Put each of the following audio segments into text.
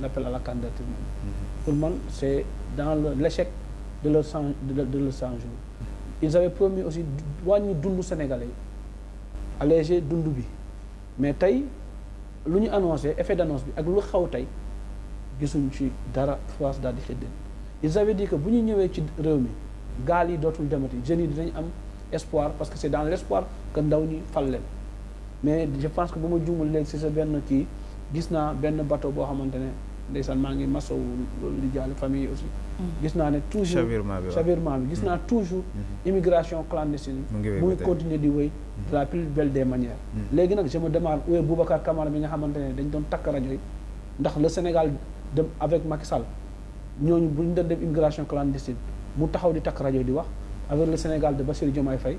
l'appel à la candidature. Mhm. Pour moi, c'est dans l'échec de le 100 de, de jours. Ils avaient promis aussi wàññi dundu sénégalais alléger dundu bi mais tey l'union ñu annoncé effet d'annonce bi ak lu xaw tey gisuñ ci dara France daal ils avaient dit que bu ñu ñëwee ci réew mi gaal yi n'ai demati am espoir parce que c'est dans l'espoir que ndaw ñi fal mais je pense que bu ma juumul léegi si sa benn kii gis naa benn bato boo xamante ne ndeysaan maa ngi masow loolu di jaale famille aussi mm. gis naa ne toujours chavirement bi gis mm. naa toujours mm-hmm. immigration clandestine mu ngi continuer di wéy de mm. la plus belle des manières léegi nag je me demande où est Boubacar bi nga xamante ne dañ doon takk rajoy ndax le Sénégal dem avec Macky Sall ñooñu bu ñu doon dem immigration clandestine mu taxaw di takk rajo di wax avec le Sénégal de Bassirou Diomaye Faye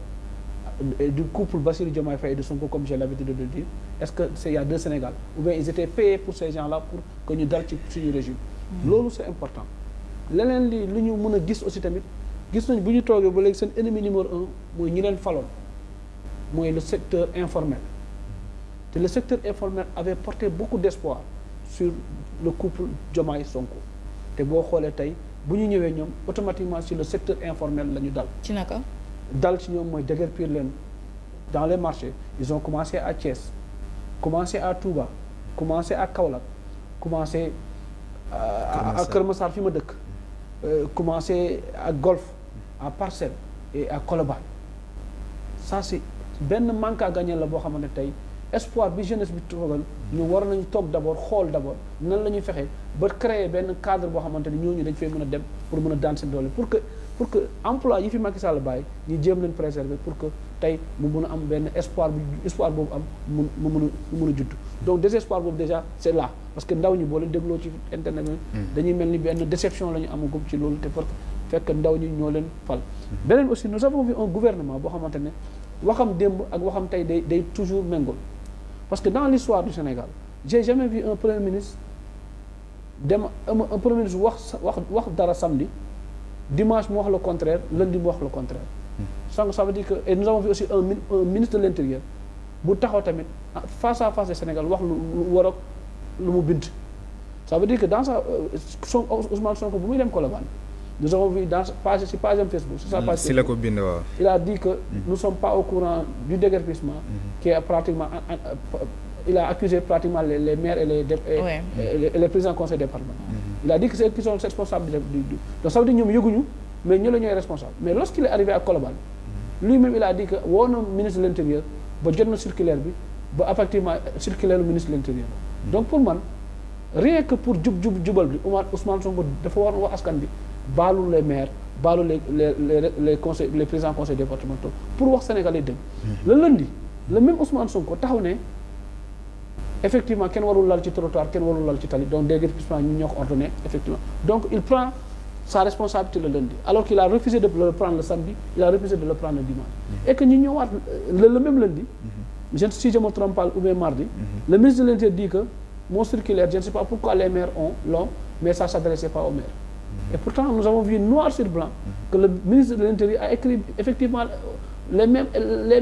du couple Bassir Diomaye Faye et de Sonko, comme j'ai l'habitude de le dire, est-ce que c'est il y a deux Sénégal Ou bien ils étaient payés pour ces gens-là pour que nous dal sur le régime. Hmm. c'est important. Ce li lu ñu aussi c'est que si bu ñu ba ennemi numéro un le secteur informel le secteur informel avait porté beaucoup d'espoir sur le couple Diomaye Sonko Et si nous tey bu ñu ñëwee automatiquement sur le secteur informel la ñu dal dans les marchés ils ont commencé à Thiès commencé à Touba commencé à Kaolack commencé euh, à Kër euh, commencé à Golf à parcel et à Colobane ça c'est ben manque à gagner le espoir bi jeunesse bi toogal ñu war nañu toog d' xool d' abord nan la ñuy fexee ba créer benn cadre boo xamante ni ñooñu dañ fee mën a dem pour mën a daan seen doole pour que pour que emploi yi fi Macky Sall bàyyi ñu jéem leen préserver pour que tey mu mun a am benn espoir bu espoir boobu am mu mu mun a mu mun a judd donc désespoir boobu déjà c' est parce que ndaw ñi boo leen dégloo ci internet hmm. dañuy mel ni benn déception la ñu amagum ci loolu te parce que fekk ndaw ñi ñoo leen fal. beneen aussi nous avons vu un gouvernement boo xamante ne waxam démb ak waxam tey day day toujours méngóol. Parce que dans l'histoire du Sénégal, j'ai jamais vu un Premier ministre, un Premier ministre voir Dara samedi, dimanche moi le contraire, lundi moi le contraire. Hmm. Ça veut dire que, et nous avons vu aussi un, ministre de l'Intérieur, ah, face à face au Sénégal, voir le Ça veut dire que dans sa, euh, Ousmane Sonko, vous nous avons vu dans page, page Facebook, sa page il a dit que mhm. nous ne sommes pas au courant du déguerpissement mhm. qui est pratiquement... Euh, il a accusé pratiquement les, maires et les, présidents du conseil département mhm. Il a dit que c'est eux qui sont responsables. Donc ça veut dire que nous sommes mais nous sommes responsables. Mais lorsqu'il est arrivé à Colobane, lui-même il a dit que le ministre de l'Intérieur, il a circulaire, il a effectivement circulaire le ministre de l'Intérieur. Donc pour moi, rien que pour Djoub Djoub Djoubal, Ousmane Sonko, il faut voir askan balou les maires balou les les les conseils départementaux pour voir sénégalais dëgg. le lundi le même Ousmane Sonko tahouné effectivement kenn warul le ci trottoir le donc des ñu qui effectivement donc il prend sa responsabilité le lundi alors qu'il a refusé de le prendre le samedi il a refusé de le prendre le dimanche. et que le même lundi. si je me trompe pas ou bien mardi. le ministre de l'Intérieur dit que mon circulaire je ne sais pas pourquoi les maires ont l'ont mais ça s'adressait pas aux maires. Et pourtant, nous avons vu noir sur blanc que le ministre de l'Intérieur a écrit effectivement les, mêmes,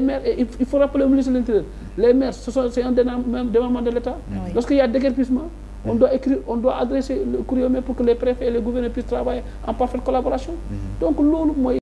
maires, il faut rappeler au ministre de l'Intérieur, les maires, c'est un membres de l'État. Lorsqu'il y a déguerpissement, on doit écrire, on doit adresser le courrier pour que les préfets et les gouverneurs puissent travailler en parfaite collaboration. donc